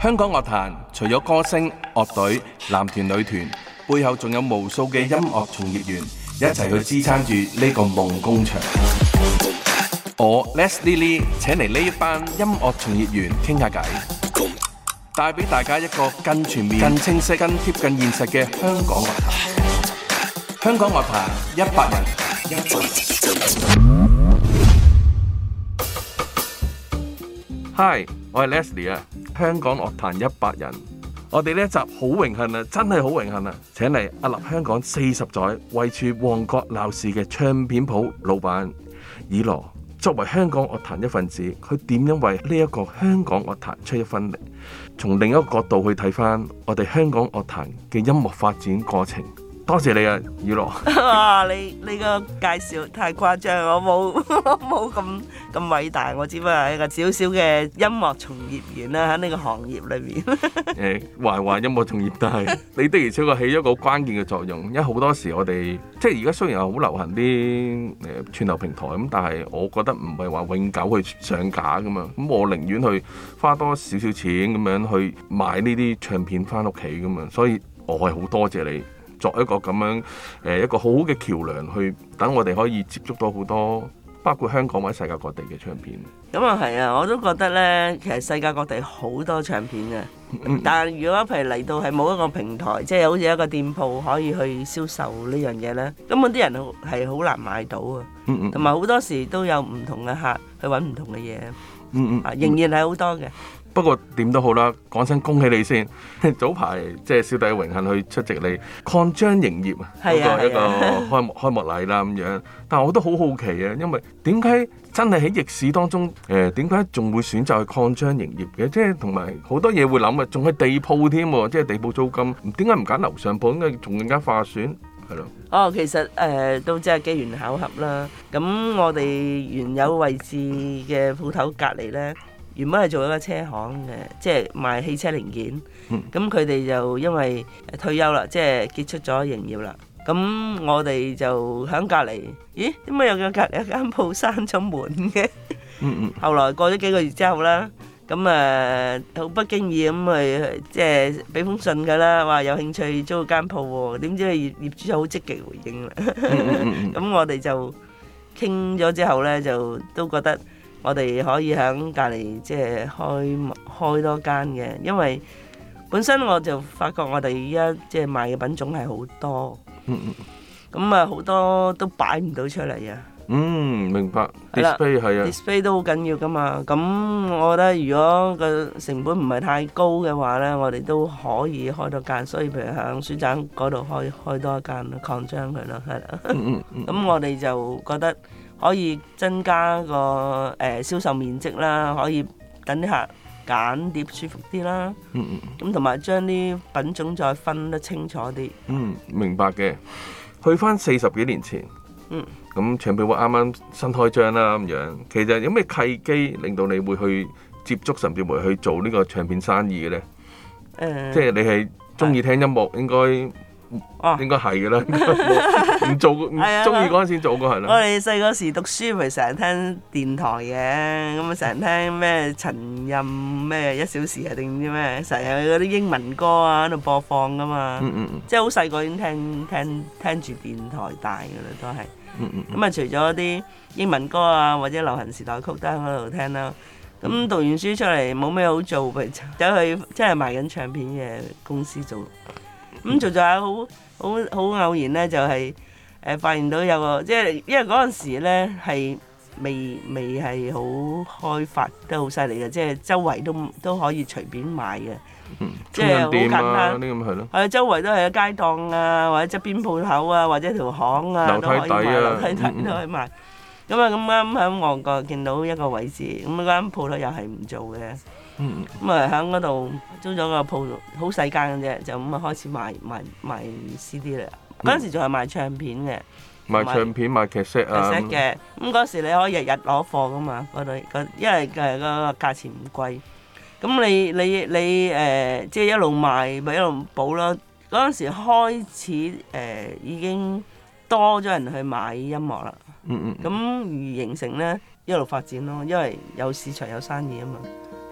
香港樂壇除咗歌星、樂隊、男團、女團，背後仲有無數嘅音樂從業員一齊去支撐住呢個夢工場。我 Leslie 請嚟呢一班音樂從業員傾下偈，帶俾大家一個更全面、更清晰、更貼近現實嘅香港樂壇。香港樂壇一百人。人 Hi，我係 Leslie 啊。香港樂壇一百人，我哋呢一集好榮幸啊，真係好榮幸啊！請嚟屹立香港四十載，位處旺角鬧市嘅唱片鋪老闆以羅，作為香港樂壇一份子，佢點樣為呢一個香港樂壇出一分力？從另一個角度去睇翻我哋香港樂壇嘅音樂發展過程。多謝你啊，雨樂。哇、 啊！你呢個介紹太誇張，我冇冇咁咁偉大，我只不過係一個小小嘅音樂從業員啦，喺呢個行業裏面。誒、 欸，壞壞音樂從業，但係你的而且確起咗個好關鍵嘅作用，因為好多時我哋即係而家雖然係好流行啲誒、呃、串流平台咁，但係我覺得唔係話永久去上架噶嘛。咁我寧願去花多少少錢咁樣去買呢啲唱片返屋企噶嘛，所以我係好多謝你。作一個咁樣誒、一個好嘅橋梁，去等我哋可以接觸到好多，包括香港或者世界各地嘅唱片。咁啊，係啊，我都覺得呢，其實世界各地好多唱片嘅。但係如果譬如嚟到係冇一個平台，即係好似一個店鋪可以去銷售呢樣嘢呢，根本啲人係好難買到啊。同埋好多時都有唔同嘅客去揾唔同嘅嘢。啊、嗯嗯嗯嗯，仍然係好多嘅。不過點都好啦，講聲恭喜你先。早排即係小弟榮幸去出席你擴張營業嗰個一個開幕 開幕禮啦咁樣。但我都好好奇啊，因為點解真係喺逆市當中誒？點解仲會選擇去擴張營業嘅？即係同埋好多嘢會諗啊，仲係地鋪添喎，即係地鋪租金點解唔揀樓上鋪？應該仲更加化算係咯。哦，其實誒、呃、都即係機緣巧合啦。咁我哋原有位置嘅鋪頭隔離咧。原本係做一個車行嘅，即係賣汽車零件。咁佢哋就因為退休啦，即係結束咗營業啦。咁我哋就喺隔離，咦？點解又見隔離有間鋪閂咗門嘅？嗯嗯。後來過咗幾個月之後啦，咁啊，好不經意咁去即係俾封信㗎啦，話有興趣租間鋪喎。點知業業主好積極回應啦。嗯嗯。咁我哋就傾咗之後呢，就都覺得。我哋可以喺隔離即係開開多間嘅，因為本身我就發覺我哋依家即係賣嘅品種係好多。咁啊好多都擺唔到出嚟啊。嗯，明白。display 係啊都好緊要噶嘛。咁我覺得如果個成本唔係太高嘅話呢，我哋都可以開多間，所以譬如喺書展嗰度開開多一間擴張佢咯，係啦。咁、嗯嗯、 我哋就覺得。可以增加個誒、呃、銷售面積啦，可以等啲客揀啲舒服啲啦。嗯嗯，咁同埋將啲品種再分得清楚啲。嗯，明白嘅。去返四十幾年前。嗯。咁唱片會啱啱新開張啦咁樣，其實有咩契機令到你會去接觸甚至乎去做呢個唱片生意嘅咧？誒、呃。即係你係中意聽音樂的應該。哦，應該係嘅啦，唔做，中意嗰陣時做過係啦。我哋細個時讀書咪成日聽電台嘅，咁啊成日聽咩陳任咩一小時啊定唔知咩，成日嗰啲英文歌啊喺度播放噶嘛，嗯嗯即係好細個已經聽聽聽住電台大㗎啦，都係。咁啊，除咗啲英文歌啊，或者流行時代曲都喺嗰度聽啦，啊。咁讀完書出嚟冇咩好做，咪就走去即係賣緊唱片嘅公司做。咁實在係好好好偶然咧，就係、是、誒、呃、發現到有個，即係因為嗰陣時咧係未未係好開發都好犀利嘅，即係周圍都都可以隨便買嘅。嗯、即係好簡單咁係咯。係啊，周圍都係有街檔啊，或者側邊鋪頭啊，或者條巷啊，啊都可以買。樓梯底、啊、樓梯底都可以買。咁啊咁啱喺旺角見到一個位置，咁嗰間鋪又係唔做嘅。嗯，咁啊喺嗰度租咗個鋪，好細間嘅啫，就咁啊開始賣賣賣，賣 CD 嚟。嗰陣、嗯、時仲係賣唱片嘅，賣唱片有賣 cassette cassette 啊。cassette 嘅、嗯，咁嗰時你可以日日攞貨噶嘛，嗰度因為誒個價錢唔貴，咁你你你誒、呃、即係一路賣咪一路補咯。嗰陣時開始誒、呃、已經多咗人去買音樂啦。咁嗯。嗯而形成咧一路發展咯，因為有市場有生意啊嘛。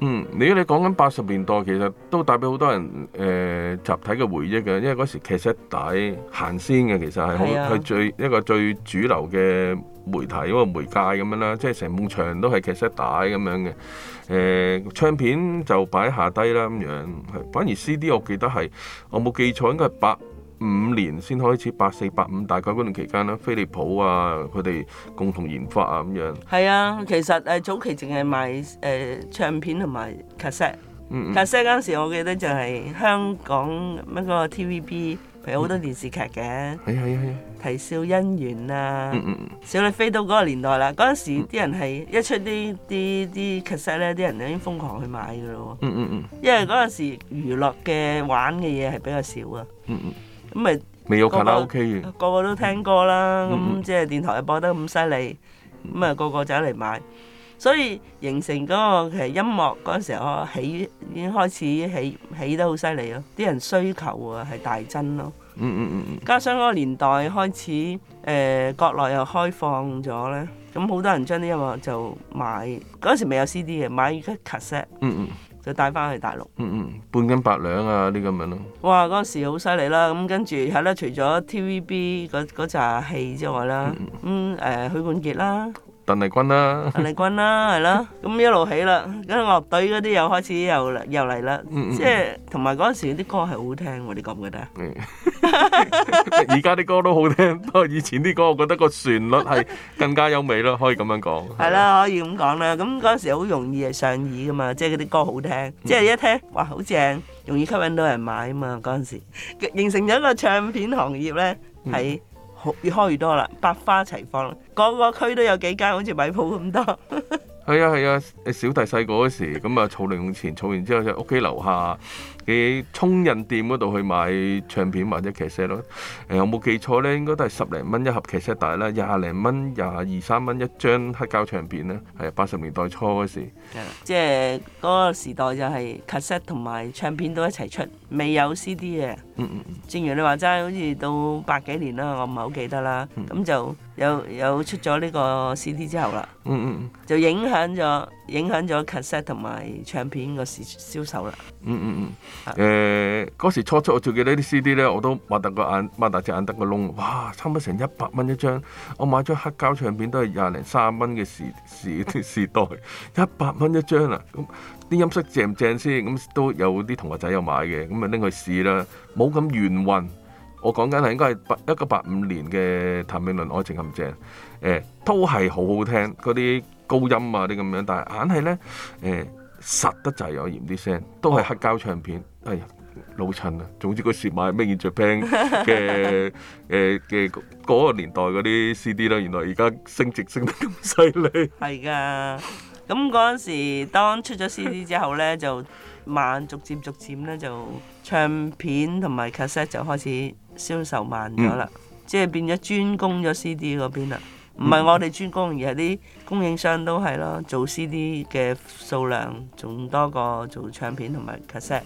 嗯，你你講緊八十年代，其實都帶俾好多人誒、呃、集體嘅回憶嘅，因為嗰時 cassette 帶行先嘅，其實係好係最一個最主流嘅媒體，一個媒介咁樣啦，即係成埲牆都係 cassette 帶咁樣嘅，誒、呃，唱片就擺下低啦咁樣，反而 C D 我記得係我冇記錯應該係八。五年先開始，八四八五大概嗰段期間啦，飛利浦啊佢哋共同研發啊咁樣。係啊，其實誒早期淨係賣誒唱片同埋 cassette，cassette 嗰陣時我記得就係香港乜嗰個 TVB，係好多電視劇嘅。係係係。啼笑姻緣啊，小李飛刀嗰個年代啦，嗰陣時啲人係一出啲啲啲 cassette 咧，啲人已經瘋狂去買㗎咯喎。嗯嗯嗯。嗯，因為嗰陣時娛樂嘅玩嘅嘢係比較少啊。嗯嗯。嗯咁咪未有卡拉 OK 嘅。個個都聽歌啦，咁、嗯嗯嗯嗯、即係電台又播得咁犀利，咁咪個個就嚟買，所以形成嗰個其實音樂嗰陣時候起已經開始起起得好犀利咯，啲人需求啊係大增咯。嗯嗯嗯，加上嗰個年代開始，誒、呃、國內又開放咗咧，咁好多人將啲音樂就買，嗰時未有 CD 嘅，買嘅卡式。嗯嗯。就帶翻去大陸，嗯嗯，半斤八兩啊啲咁樣咯。啊、哇！嗰陣時好犀利啦，咁跟住係啦，除咗 TVB 嗰嗰扎戲之外啦，嗯誒、嗯嗯呃，許冠傑啦，鄧麗君啦，鄧麗君啦係 啦，咁一路起啦，咁樂隊嗰啲又開始又嚟又嚟啦，即係同埋嗰陣時啲歌係好好聽喎，你覺唔覺得啊？嗯而家啲歌都好聽，不過以前啲歌我覺得個旋律係更加優美咯，可以咁樣講。係啦，可以咁講啦。咁嗰陣時好容易係上耳噶嘛，即係嗰啲歌好聽，即係、嗯、一聽哇好正，容易吸引到人買啊嘛。嗰陣時形成咗一個唱片行業咧，係好越開越多啦，百花齊放，個個區都有幾間好似米鋪咁多。係啊係啊，小弟細個嗰時咁啊儲零用錢，儲完之後就屋企樓下。嘅沖印店嗰度去買唱片或者 cassette 咯，誒，有冇記錯咧？應該都係十零蚊一盒 cassette，但係咧，廿零蚊、廿二三蚊一張黑膠唱片咧，係八十年代初嗰時，嗯嗯嗯、即係嗰、嗰個時代就係 cassette 同埋唱片都一齊出，未有 CD 嘅。嗯嗯。正如你話齋，好似到八幾年啦，我唔係好記得啦。咁就有有出咗呢個 CD 之後啦。嗯嗯就影響咗。影響咗 cassette 同埋唱片個銷售啦，嗯。嗯嗯嗯。誒、嗯，嗰、嗯嗯嗯欸、時初初，我最記得啲 CD 咧，我都擘大個眼，擘大隻眼瞪個窿，哇！差唔多成一百蚊一張，我買張黑膠唱片都係廿零三蚊嘅時時的時代，一百蚊一張啊！咁啲音色，啊、音色正唔正先？咁都有啲同學仔有買嘅，咁啊拎去試啦。冇咁圓韻，我講緊係應該係八一個八五年嘅《譚詠麟愛情》咁正。誒，都係好好聽啲。高音啊啲咁樣，但係硬係咧，誒、欸、實得滯，有嫌啲聲都係黑膠唱片，哦、哎呀老襯啊！總之嗰時買咩嘢唱片嘅誒嘅嗰個年代嗰啲 CD 啦，原來而家升值升得咁犀利。係㗎，咁嗰陣時當出咗 CD 之後咧，就慢逐漸逐漸咧就唱片同埋 cassette 就開始銷售慢咗啦，嗯、即係變咗專攻咗 CD 嗰邊啦。唔係我哋專攻，而係啲供應商都係咯，做 CD 嘅數量仲多過做唱片同埋 cassette。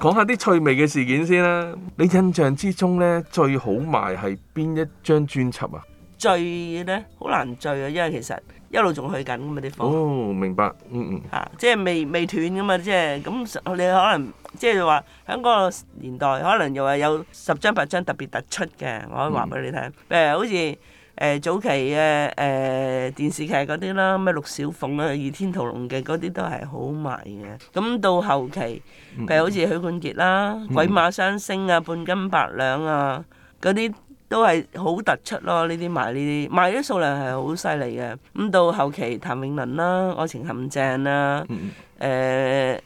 講下啲趣味嘅事件先啦，你印象之中呢最好賣係邊一張專輯啊？最呢？好難最啊，因為其實。一路仲去緊㗎嘛啲房。哦明白，嗯嗯，嚇、啊、即係未未斷㗎嘛，即係咁你可能即係話喺個年代可能又話有十張八張特別突出嘅，我可以話俾你聽，嗯、譬如好似誒、呃、早期嘅誒、呃、電視劇嗰啲啦，咩陸小鳳啊、《倚天屠龍記》嗰啲都係好賣嘅。咁到後期，譬如好似許冠傑啦，嗯《嗯、鬼馬雙星》啊，《半斤八兩啊》啊嗰啲。都係好突出咯！呢啲賣呢啲賣啲數量係好犀利嘅。咁到後期，譚詠麟啦，《愛情陷阱》啦、嗯，誒誒、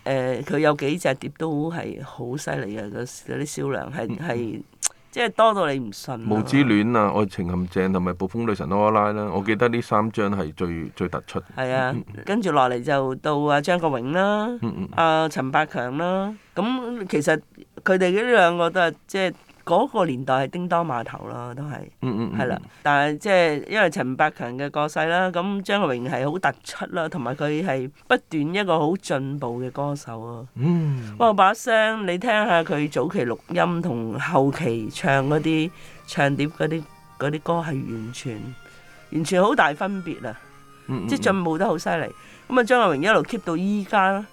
呃，佢、呃、有幾隻碟都係好犀利嘅，嗰啲銷量係係即係多到你唔信。《霧之戀》啊，《愛情陷阱》同埋《暴風女神》拉拉啦，我記得呢三張係最最突出。係啊、嗯，跟住落嚟就到啊，張國榮啦，阿、嗯嗯呃、陳百強啦。咁、嗯、其實佢哋呢兩個都係即係。嗰個年代係叮噹碼頭咯，都係，係啦、嗯嗯。但係即係因為陳百強嘅過世啦，咁張國榮係好突出啦，同埋佢係不斷一個好進步嘅歌手啊。嗯。哇！把聲你聽下佢早期錄音同後期唱嗰啲唱碟嗰啲啲歌係完全完全好大分別啊、嗯！嗯嗯。即進步得好犀利，咁啊張國榮一路 keep 到依家，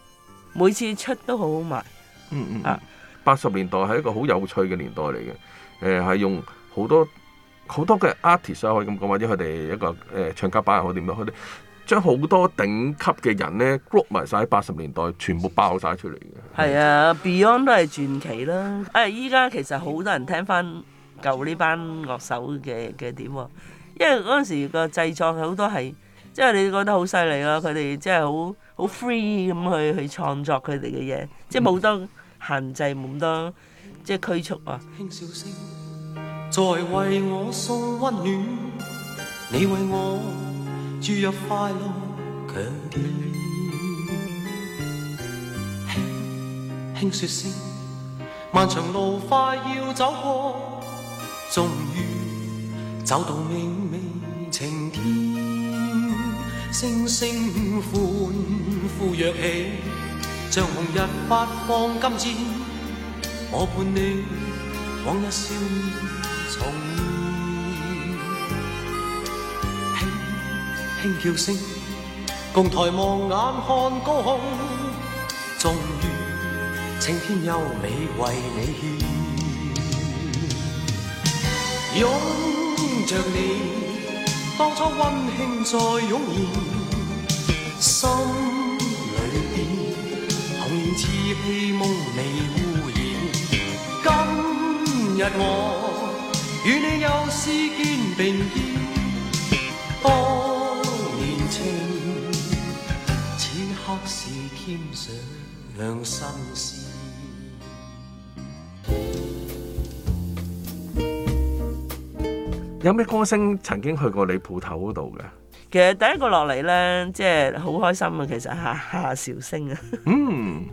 每次出都好好賣。嗯嗯。啊！嗯嗯。八十年代係一個好有趣嘅年代嚟嘅，誒、呃、係用好多好多嘅 artist 可以咁講，或者佢哋一個誒、呃、唱家班，可以點樣？佢哋將好多頂級嘅人咧 group 埋晒喺八十年代，全部爆晒出嚟嘅。係啊、嗯，Beyond 都係傳奇啦！誒、哎，依家其實好多人聽翻舊呢班樂手嘅嘅點喎、啊，因為嗰陣時個製作好多係即係你覺得好犀利咯，佢哋即係好好 free 咁去去創作佢哋嘅嘢，即係冇得。嗯限制滿多，即係拘束啊！ 輕笑聲像紅日發放金箭，我伴你往日笑面重現，輕輕叫聲，共抬望眼看高空，終於青天優美為你獻，擁着你當初温馨再湧現，心。似被夢裏污染，今日我與你又試肩並肩，當年情此刻是添上新鮮。有咩歌星曾經去過你鋪頭度嘅？其實第一個落嚟咧，即係好開心啊！其實夏夏韶聲啊，嗯，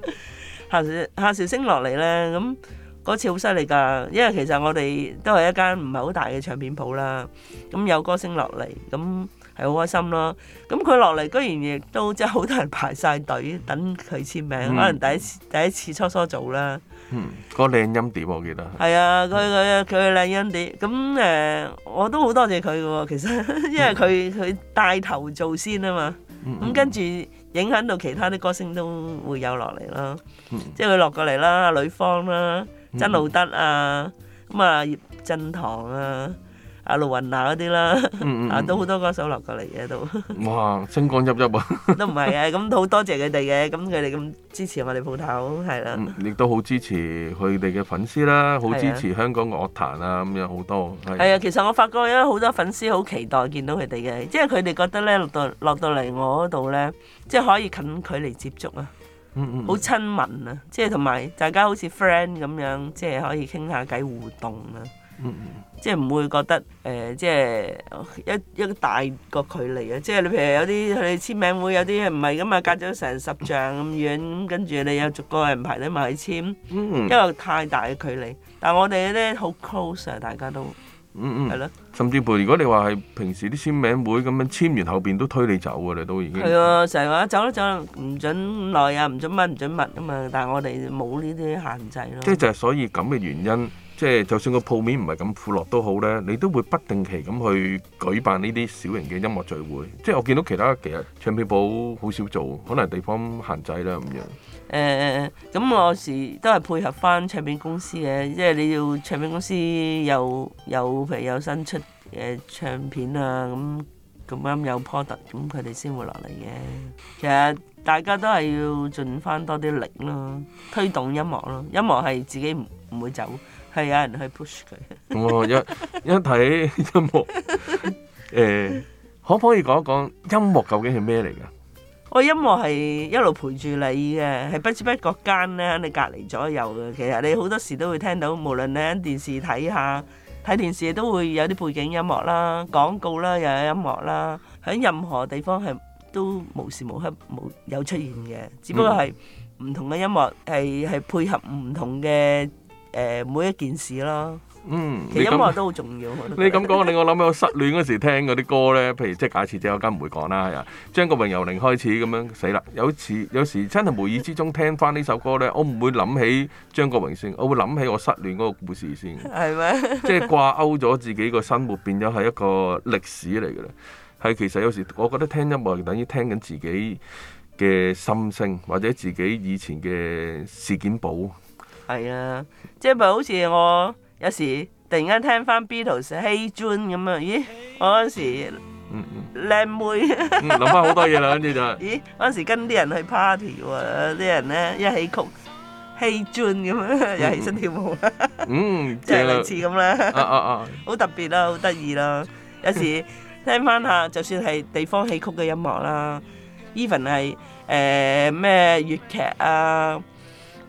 夏 夏韶聲落嚟咧，咁嗰次好犀利㗎，因為其實我哋都係一間唔係好大嘅唱片鋪啦，咁有歌星落嚟，咁係好開心咯。咁佢落嚟居然亦都即係好多人排晒隊等佢簽名，嗯、可能第一次第一次初初做啦。嗯，嗰個靚音碟我記得係啊，佢佢佢靚音碟咁誒，我都好多謝佢嘅喎，其實因為佢佢、嗯、帶頭做先啊嘛，咁、嗯嗯、跟住影響到其他啲歌星都會有落嚟啦，嗯、即係佢落過嚟啦，阿呂方啦、啊，曾路德啊，咁、嗯嗯、啊葉振棠啊。阿盧雲娜嗰啲啦，嗯、啊都好多歌手落過嚟嘅都。哇！星光熠熠啊！都唔係啊，咁好多謝佢哋嘅，咁佢哋咁支持我哋鋪頭，係啦、啊。亦、嗯、都好支持佢哋嘅粉絲啦，好支持香港嘅樂壇啊，咁、啊、樣好多。係啊，啊，其實我發覺咧，好多粉絲好期待見到佢哋嘅，即係佢哋覺得咧落到落到嚟我嗰度咧，即係可以近距離接觸啊，好、嗯嗯、親民啊，即係同埋大家好似 friend 咁樣，即係可以傾下偈互動啊，嗯嗯即係唔會覺得誒，即係一一大個距離啊！即係你譬如有啲佢哋簽名會，有啲唔係噶嘛，隔咗成十丈咁遠，跟住你又逐個人排隊埋去簽，因為太大嘅距離。但係我哋咧好 close 啊，大家都，係咯。甚至乎，如果你話係平時啲簽名會咁樣簽完後邊都推你走㗎啦，都已經。係啊，成日話走啦走啦，唔準耐啊，唔準問唔準問啊嘛，但係我哋冇呢啲限制咯。即係就係所以咁嘅原因。即係就算個鋪面唔係咁闊落都好咧，你都會不定期咁去舉辦呢啲小型嘅音樂聚會。即係我見到其他其實唱片鋪好少做，可能地方限制啦咁樣。誒、嗯，咁、欸、我時都係配合翻唱片公司嘅，即、就、係、是、你要唱片公司有有譬如有新出嘅唱片啊，咁咁啱有 product 咁佢哋先會落嚟嘅。其實大家都係要盡翻多啲力咯，推動音樂咯，音樂係自己唔唔會走。係有人去 push 佢。我一一睇音樂，誒，可唔可以講一講音樂究竟係咩嚟㗎？我音樂係一路陪住你嘅，係不知不覺間咧，喺你隔離左右嘅。其實你好多時都會聽到，無論你喺電視睇下睇電視都會有啲背景音樂啦、廣告啦，又有音樂啦。喺任何地方係都無時無刻冇有出現嘅，只不過係唔同嘅音樂係係配合唔同嘅。誒、呃、每一件事啦，嗯，你其實音樂都好重要。你咁講令我諗起我失戀嗰時聽嗰啲歌咧，譬如即係假設即係陣間唔會講啦，張國榮由零開始咁樣死啦。有次有時真係無意之中聽翻呢首歌咧，我唔會諗起張國榮先，我會諗起我失戀嗰個故事先。係咩是嗎？ 即係掛鈎咗自己個生活，變咗係一個歷史嚟嘅咧。係其實有時我覺得聽音樂等於聽緊自己嘅心聲，或者自己以前嘅事件簿。係啊，即係譬如好似我有時突然間聽翻 Beatles《Hey Jude》咁啊，咦？我嗰時靚、嗯嗯、妹諗翻好多嘢啦，跟住就咦？嗰時跟啲人去 party 喎，啲人咧一起曲《Hey Jude》咁啊，又起身跳舞啦、嗯。嗯，即係類似咁啦。好、啊啊啊、特別啦、啊，好得意啦。有時聽翻下，就算係地方戲曲嘅音樂啦，even 係誒咩粵劇啊。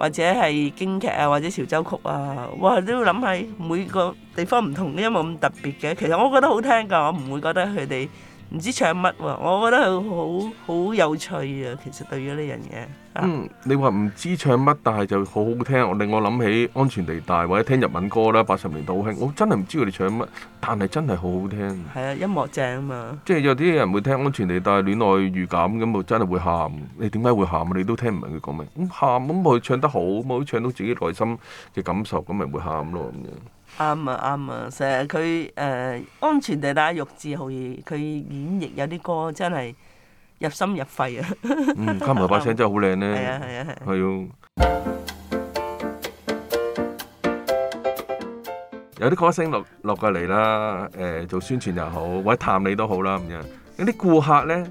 或者係京劇啊，或者潮州曲啊，哇，都要諗起每個地方唔同，音樂咁特別嘅。其實我覺得好聽噶，我唔會覺得佢哋唔知唱乜喎，我覺得佢好好有趣啊。其實對於呢樣嘢。嗯，你話唔知唱乜，但係就好好聽，令我諗起安全地帶或者聽日文歌啦，八十年代好興。我真係唔知佢哋唱乜，但係真係好好聽。係啊，音樂正啊嘛。即係有啲人會聽安全地帶戀愛預感咁啊，真係會喊。你點解會喊？你都聽唔明佢講咩？咁喊咁佢唱得好，冇唱到自己內心嘅感受，咁咪會喊咯咁樣。啱啊啱啊，成日佢誒安全地帶玉置浩二，佢演繹有啲歌真係。入心入肺、 嗯、 啊！嗯、啊，卡梅拉把聲真係好靚咧。係啊係啊係。係哦。有啲歌星落落過嚟啦，誒、呃、做宣傳又好，或者探你都好啦咁樣。有啲顧客咧，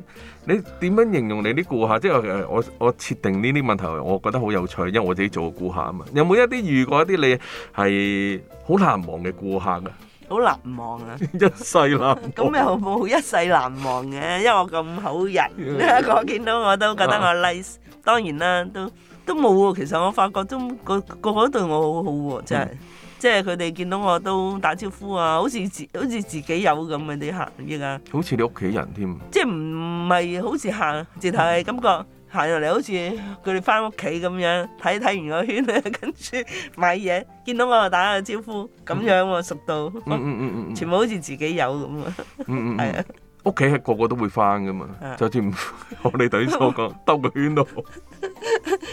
你點樣形容你啲顧客？即係我我設定呢啲問題，我覺得好有趣，因為我自己做過顧客啊嘛。有冇一啲遇過一啲你係好難忘嘅顧客啊？好難忘啊！一世啦咁又冇一世難忘嘅，因為我咁好人，你睇下我見到我都覺得我 nice、啊、當然啦，都都冇喎。其實我發覺都個個都對我好好、啊、喎，真係、嗯、即係佢哋見到我都打招呼啊，好似自好似自己有咁嘅啲客依家。好似你屋企人添，即係唔係好似客，直頭係感覺、嗯。行到嚟好似佢哋翻屋企咁樣，睇睇完個圈咧，跟住買嘢，見到我就打個招呼咁樣喎，熟到，全部好似自己有咁啊，係啊，屋企係個個都會翻噶嘛，就好似我哋頭先所講兜個圈都好，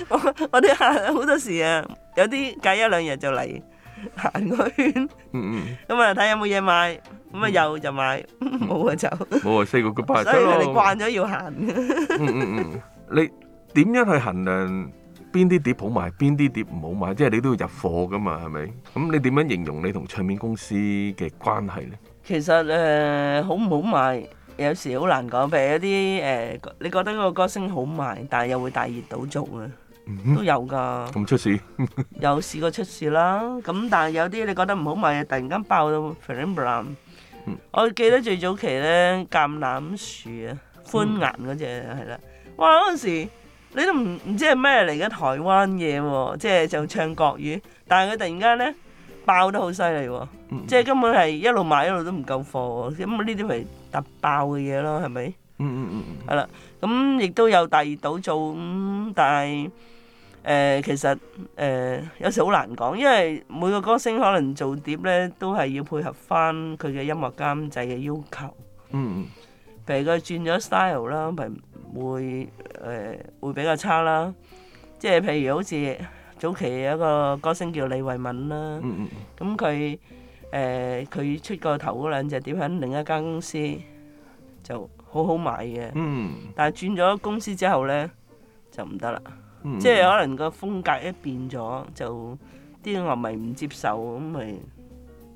我我啲客好多時啊，有啲隔一兩日就嚟行個圈，咁啊睇有冇嘢買，咁啊有就買，冇啊就冇啊四個腳擺走，所以佢哋慣咗要行。嗯嗯嗯。你點樣去衡量邊啲碟好賣，邊啲碟唔好賣？即係你都要入貨㗎嘛，係咪？咁你點樣形容你同唱片公司嘅關係咧？其實誒，好唔好賣有時好難講，譬如一啲誒，你覺得個歌星好賣，但係又會大熱倒灶啊，都有㗎。咁出事有試過出事啦。咁但係有啲你覺得唔好賣，突然間爆到 Pharrell Williams。我記得最早期咧，橄欖樹啊，歡顏嗰隻係啦。哇！嗰陣時你都唔唔知係咩嚟嘅台灣嘢喎，即係就唱國語，但係佢突然間咧爆得好犀利喎，即係根本係一路賣一路都唔夠貨喎。咁啊呢啲咪突爆嘅嘢咯，係咪？嗯嗯嗯嗯。係啦，咁亦都有第二度做，但係誒其實誒有時好難講，因為每個歌星可能做碟咧都係要配合翻佢嘅音樂監製嘅要求。嗯嗯，譬如佢轉咗 style 啦，譬如。會誒、呃、會比較差啦，即係譬如好似早期有一個歌星叫李慧敏啦，咁佢誒佢出個頭嗰兩隻碟喺另一間公司就好好賣嘅，嗯、但係轉咗公司之後呢，就唔得啦，嗯、即係可能個風格一變咗，就啲樂迷唔接受咁咪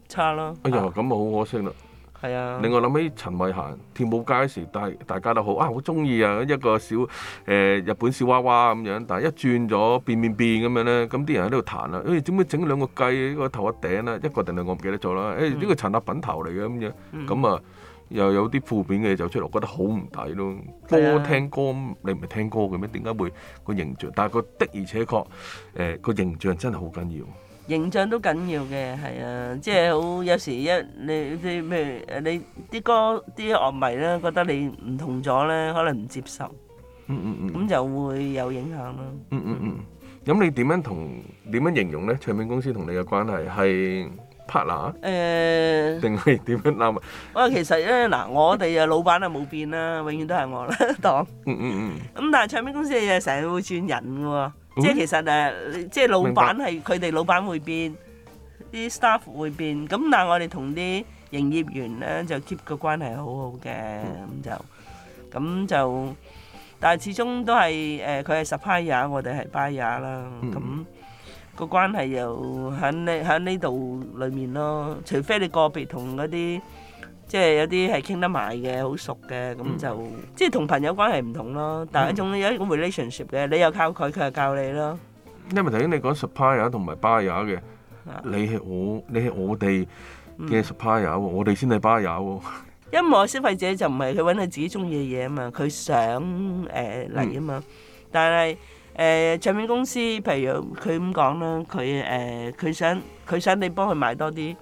差咯。哎呀，咁啊好可惜啦～係啊！另外諗起陳慧嫻跳舞街嗰時，大大家都好，哇、啊！我中意啊，一個小誒、呃、日本小娃娃咁樣，但係一轉咗變變變咁樣咧，咁啲人喺度彈啊，誒點解整兩個雞個頭一頂啊，一個定兩個唔記得咗啦，誒呢個陳立品頭嚟嘅咁樣，咁、嗯、啊又有啲負面嘅嘢就出嚟，我覺得好唔抵咯。歌、啊、聽歌你唔係聽歌嘅咩？點解會個形象？但係佢的而且確誒，個、呃、形象真係好緊要。形象都緊要嘅，係啊，即係好有時一你你咩誒你啲歌啲樂迷咧覺得你唔同咗咧，可能唔接受，嗯嗯嗯，咁就會有影響咯。嗯嗯嗯，咁你點樣同點樣形容咧？唱片公司同你嘅關係係 partner 誒，定係點樣諗啊？哇，其實咧嗱，我哋啊老闆啊冇變啦，永遠都係我啦擋。嗯嗯嗯。咁但係唱片公司嘅嘢成日會轉人嘅喎。嗯、即係其實誒，即係老闆係佢哋老闆會變，啲白 staff 會變，咁嗱我哋同啲營業員咧就 keep 個關係好好嘅，咁就咁就，但係始終都係誒，佢、呃、係 s u p p l i 我哋係 buyer 啦，咁個關係又喺呢喺呢度裏面咯，除非你個別同嗰啲。即係有啲係傾得埋嘅，好熟嘅，咁就、嗯、即係同朋友關係唔同咯。但係一種有一種 relationship 嘅，你又靠佢，佢又教你咯。因為頭先你講 supplier 同埋 buyer 嘅、啊，你係我你係、嗯、我哋嘅 supplier，我哋先係 buyer。因為消費者就唔係佢揾佢自己中意嘅嘢啊嘛，佢想誒嚟啊嘛。但係誒、呃、唱片公司，譬如佢咁講啦，佢誒佢想佢想你幫佢買多啲。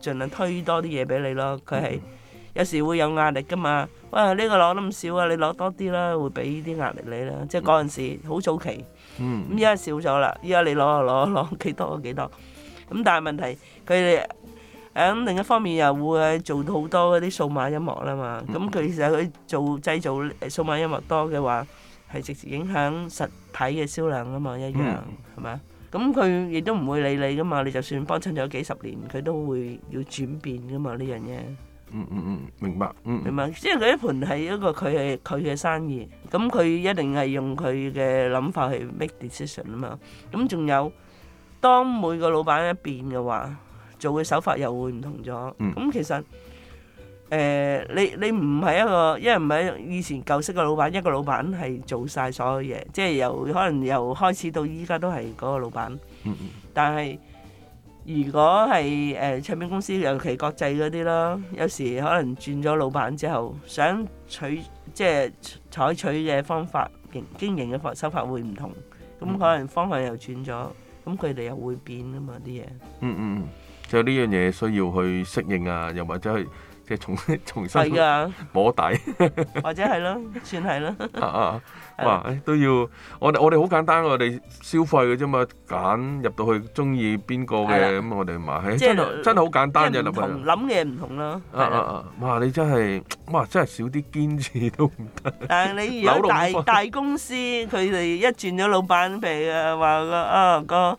盡量推多啲嘢俾你咯，佢係有時會有壓力噶嘛。哇，呢、這個攞得咁少啊，你攞多啲啦，會俾啲壓力你啦。即係嗰陣時好早期，咁依家少咗啦。依家你攞啊攞攞幾多幾多，咁、嗯、但係問題佢哋喺另一方面又會做到好多嗰啲數碼音樂啦嘛。咁、嗯、佢、嗯、其實佢做製造數碼音樂多嘅話，係直接影響實體嘅銷量啊嘛一樣，係咪、嗯咁佢亦都唔會理你噶嘛，你就算幫襯咗幾十年，佢都會要轉變噶嘛，呢樣嘢。嗯嗯嗯，明白，明、嗯、白。即係佢一盤係一個，佢係佢嘅生意，咁佢一定係用佢嘅諗法去 make decision 啊嘛。咁仲有，當每個老闆一變嘅話，做嘅手法又會唔同咗。咁、嗯、其實。誒、呃，你你唔係一個，因為唔係以前舊式嘅老闆，一個老闆係做晒所有嘢，即係由可能由開始到依家都係嗰個老闆。嗯嗯。嗯，但係如果係誒唱片公司，尤其國際嗰啲咯，有時可能轉咗老闆之後，想取即係採取嘅方法，營經營嘅方手法會唔同，咁、嗯嗯、可能方向又轉咗，咁佢哋又會變噶嘛啲嘢、嗯。嗯嗯，就呢樣嘢需要去適應啊，又或者去。即係重重新摸底， 或者係咯、啊，算係咯、啊。啊啊，哇！都要我哋我哋好簡單，我哋消費嘅啫嘛，揀入到去中意邊個嘅，咁我哋買，就係、真真係好簡單嘅。同諗嘅嘢唔同咯。啊啊的啊！哇，你真係哇，真係少啲堅持都唔得。但係你有大大公司，佢哋一轉咗老闆畀啊，話、嗰個啊個。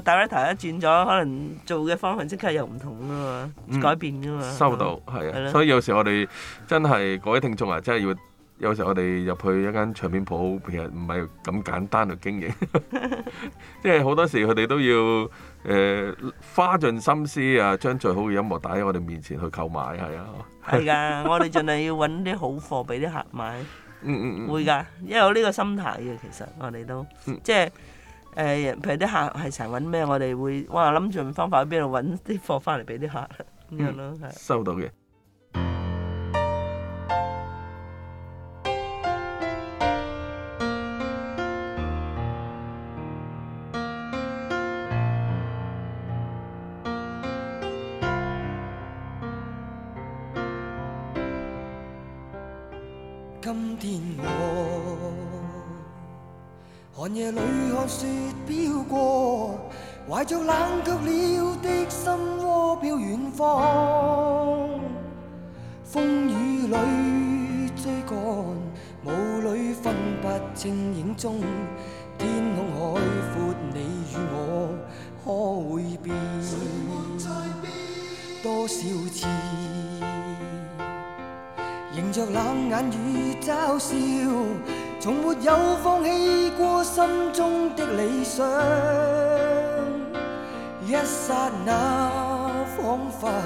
大 d i 一轉咗，可能做嘅方向即刻又唔同啊嘛，改變噶嘛、嗯。收到，係啊嗎，所以有時我哋真係各位聽眾啊，真係要有時我哋入去一間唱片鋪，其實唔係咁簡單嚟經營，即係好多時佢哋都要誒、呃、花盡心思啊，將最好嘅音樂打喺我哋面前去購買，係啊。係㗎，我哋盡量要揾啲好貨俾啲客買，嗯嗯，嗯會㗎，因為我呢個心態嘅其實我哋都、嗯嗯、即係。即誒，譬、呃、如啲客係成日揾咩，我哋會哇諗盡方法喺邊度揾啲貨翻嚟俾啲客咁樣咯，嗯、收到嘅。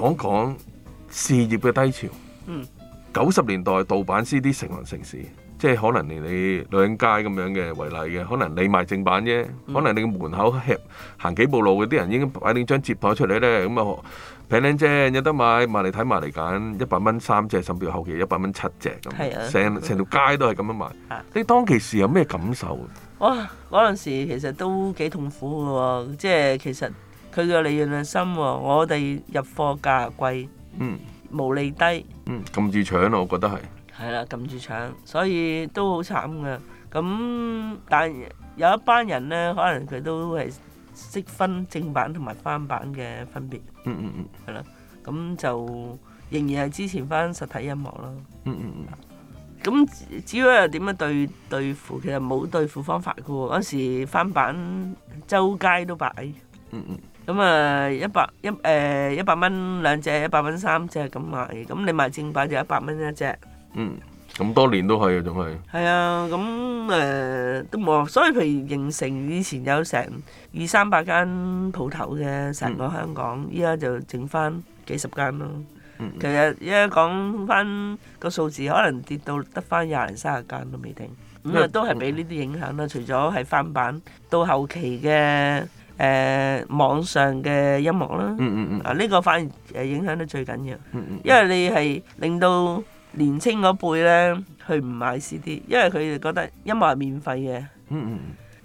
講講事業嘅低潮，嗯，九十年代盜版 CD 成行成市，即係可能連你女人街咁樣嘅為例嘅，可能你賣正版啫，可能你個門口行幾步路嗰啲人已經擺定張摺檯出嚟咧，咁啊平靚正有得買，埋嚟睇埋嚟揀，一百蚊三隻，甚至後期一百蚊七隻咁，成成、啊、條街都係咁樣賣。你當其時有咩感受？哇、啊！嗰陣時其實都幾痛苦嘅喎，即係其實。佢嘅利潤量深喎，我哋入貨價貴，嗯，毛利低，嗯，撳住搶咯，我覺得係，係啦，撳住搶，所以都好慘噶。咁但係有一班人咧，可能佢都係識分正版同埋翻版嘅分別，嗯嗯嗯，係啦，咁就仍然係支持返實體音樂咯，嗯嗯嗯，咁至於係點樣對對付？其實冇對付方法噶喎，嗰時翻版周街都擺，嗯嗯。咁、嗯、啊，一百一誒一百蚊兩隻，一百蚊三隻咁賣。咁你賣正版就一百蚊一隻。嗯，咁多年都係啊，仲係。係啊，咁誒都冇，所以譬如形成以前有成二三百間鋪頭嘅成個香港，依家、嗯、就剩翻幾十間咯。嗯嗯、其實依家講翻個數字，可能跌到得翻廿零三十間未為都未定。咁啊，都係俾呢啲影響啦。除咗係翻版，到後期嘅。誒、呃、網上嘅音樂啦，嗯嗯嗯啊呢、呢個反而誒影響得最緊要，嗯嗯嗯因為你係令到年青嗰輩咧，佢唔買 CD，因為佢哋覺得音樂係免費嘅。誒、嗯嗯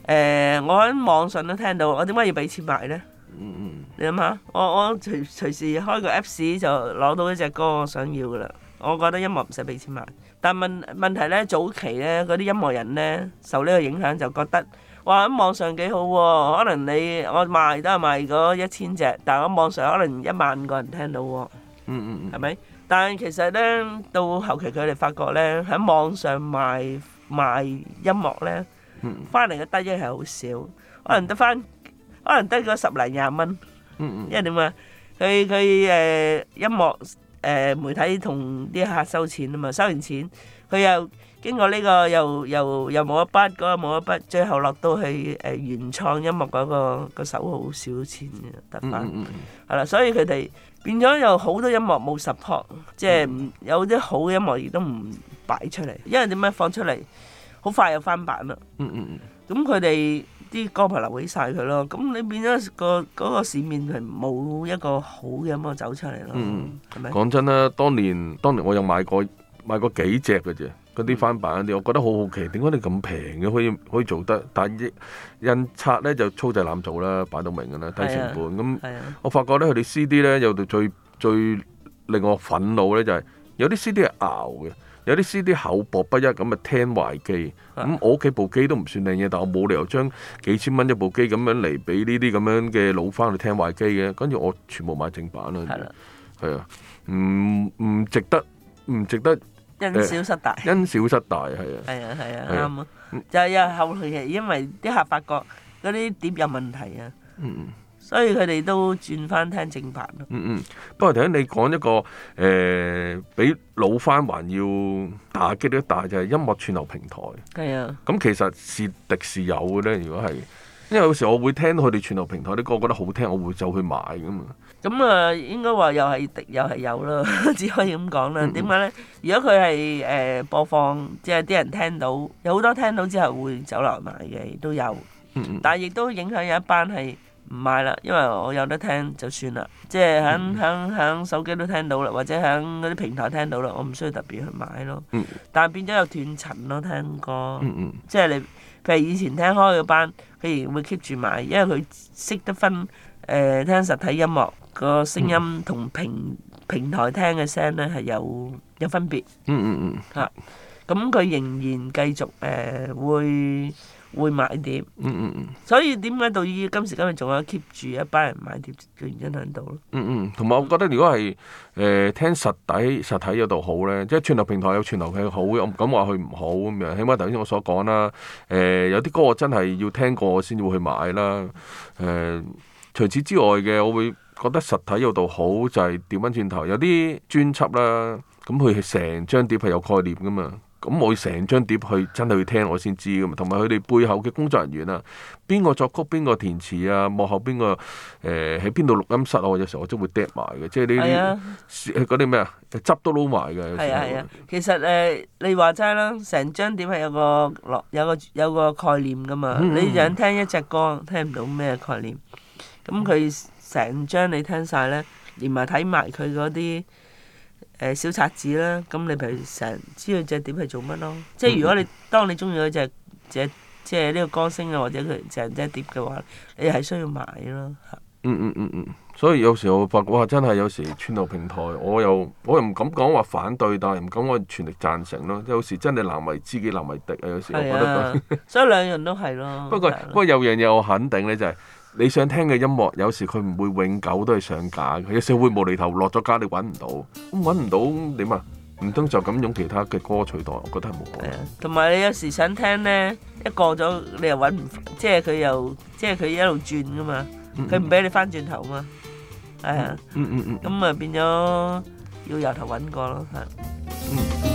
呃、我喺網上都聽到，我點解要俾錢買咧？嗯嗯你諗下，我我隨隨時開個 Apps 就攞到一隻歌我想要噶啦，我覺得音樂唔使俾錢買。但問問題咧，早期咧嗰啲音樂人咧受呢個影響就覺得。話喺網上幾好喎、啊，可能你我賣都係賣咗一千隻，但係喺網上可能一萬個人聽到喎、啊嗯。嗯嗯嗯，係咪？但係其實咧，到後期佢哋發覺咧，喺網上賣賣音樂咧，翻嚟嘅得益係好少、嗯可，可能得翻，可能得個十零廿蚊。嗯嗯，因為點啊？佢佢誒音樂。誒媒體同啲客收錢啊嘛，收完錢佢又經過呢、這個又又又冇一筆，嗰個冇一筆，最後落到去誒、呃、原創音樂嗰個個手好少錢嘅得翻，係啦、嗯嗯，所以佢哋變咗有好多音樂冇 support，即係有啲好嘅音樂亦都唔擺出嚟，因為點解放出嚟好快又翻版啦、嗯？嗯嗯，咁佢哋。啲歌牌留起晒佢咯，咁你變咗個嗰市面係冇一個好嘅咁啊走出嚟咯，係咪？講真啦，當年當年我有買過買過幾隻嘅啫，嗰啲翻版嗰啲，我覺得好好奇，點解你咁平嘅可以可以做得？但係印印刷咧就粗製濫造啦，擺到明㗎啦，低成本。咁、啊啊、我發覺咧，佢哋 CD 咧有條最最令我憤怒咧、就係，就係有啲 CD 係拗嘅。有啲 CD 厚薄不一咁啊，聽壞機。咁我屋企部機都唔算靚嘢，但係我冇理由將幾千蚊一部機咁樣嚟俾呢啲咁樣嘅老翻去聽壞機嘅，跟住我全部買正版啦，係啦，係啊，唔唔值得，唔值得，因小失大，因小失大係啊，係啊係啊啱啊，就係又後來係因為啲客發覺嗰啲碟有問題啊。所以佢哋都轉翻聽正版咯。嗯嗯，不過頭先你講一個誒、呃，比老翻還要打擊一大就係、是、音樂串流平台。係啊。咁、嗯、其實是敵是友嘅咧，如果係，因為有時我會聽佢哋串流平台啲歌，覺得好聽，我會走去買噶嘛。咁啊、嗯，應該話又係敵又係友啦，只可以咁講啦。點解咧？如果佢係誒播放，即係啲人聽到，有好多聽到之後會走嚟買嘅，都有。嗯嗯，但係亦都影響有一班係。唔買啦，因為我有得聽就算啦，即係響響響手機都聽到啦，或者響嗰啲平台聽到啦，我唔需要特別去買咯。嗯、但係變咗有斷層咯，聽歌，嗯嗯、即係你譬如以前聽開嗰班，佢仍然會 keep 住買，因為佢識得分誒、呃、聽實體音樂、個聲音同平、嗯、平台聽嘅聲咧係有有分別。嗯嗯嗯，嚇、嗯。嗯嗯。咁佢仍然繼續誒、呃、會會買碟，嗯嗯嗯。嗯，所以點解到宇今時今日仲有 keep 住一班人買碟嘅原因喺度咯？嗯嗯，同埋我覺得如果係誒、呃、聽實底實體嗰度好咧，即係串流平台有串流嘅好，我唔敢話佢唔好咁樣。起碼頭先我所講啦，誒、呃、有啲歌我真係要聽過我先至會去買啦。誒、呃、除此之外嘅，我會覺得實體嗰度好就係掉翻轉頭有啲專輯啦，咁佢成張碟係有概念噶嘛。咁、嗯、我成張碟去真係去聽，我先知噶嘛。同埋佢哋背後嘅工作人員啊，邊個作曲、邊個填詞啊，幕後邊個誒喺邊度錄音室啊，我有時候我都會釘埋嘅。即係呢啲嗰啲咩啊，執都撈埋嘅。係啊，啊,啊。其實誒、呃、你話齋啦，成張碟係有個落有個有個概念噶嘛。嗯、你想聽一隻歌，聽唔到咩概念？咁佢成張你聽晒咧，連埋睇埋佢嗰啲。誒小冊子啦，咁你譬如成日知道隻碟係做乜咯？即係如果你當你中意嗰隻隻即係呢個歌星啊，或者佢成隻碟嘅話，你係需要買咯、嗯，嗯嗯嗯嗯，所以有時候我發覺啊，真係有時串流平台，我又我又唔敢講話反對，但係唔敢話全力贊成咯。有時真係難為知己難為敵啊！有時我覺得、啊、 所以兩樣都係咯。不過的不過有樣嘢我肯定咧就係、是。你想聽嘅音樂，有時佢唔會永久都係上架嘅，有時會無厘頭落咗架你揾唔到，咁揾唔到點啊？唔通就咁用其他嘅歌取代？我覺得係冇可能。同埋、啊、你有時想聽咧，一過咗你又揾唔，即係佢又即係佢一路轉噶嘛，佢唔俾你翻轉頭嘛，係、嗯、啊，嗯嗯嗯，咁、嗯、啊、嗯、變咗要由頭揾過咯，係。嗯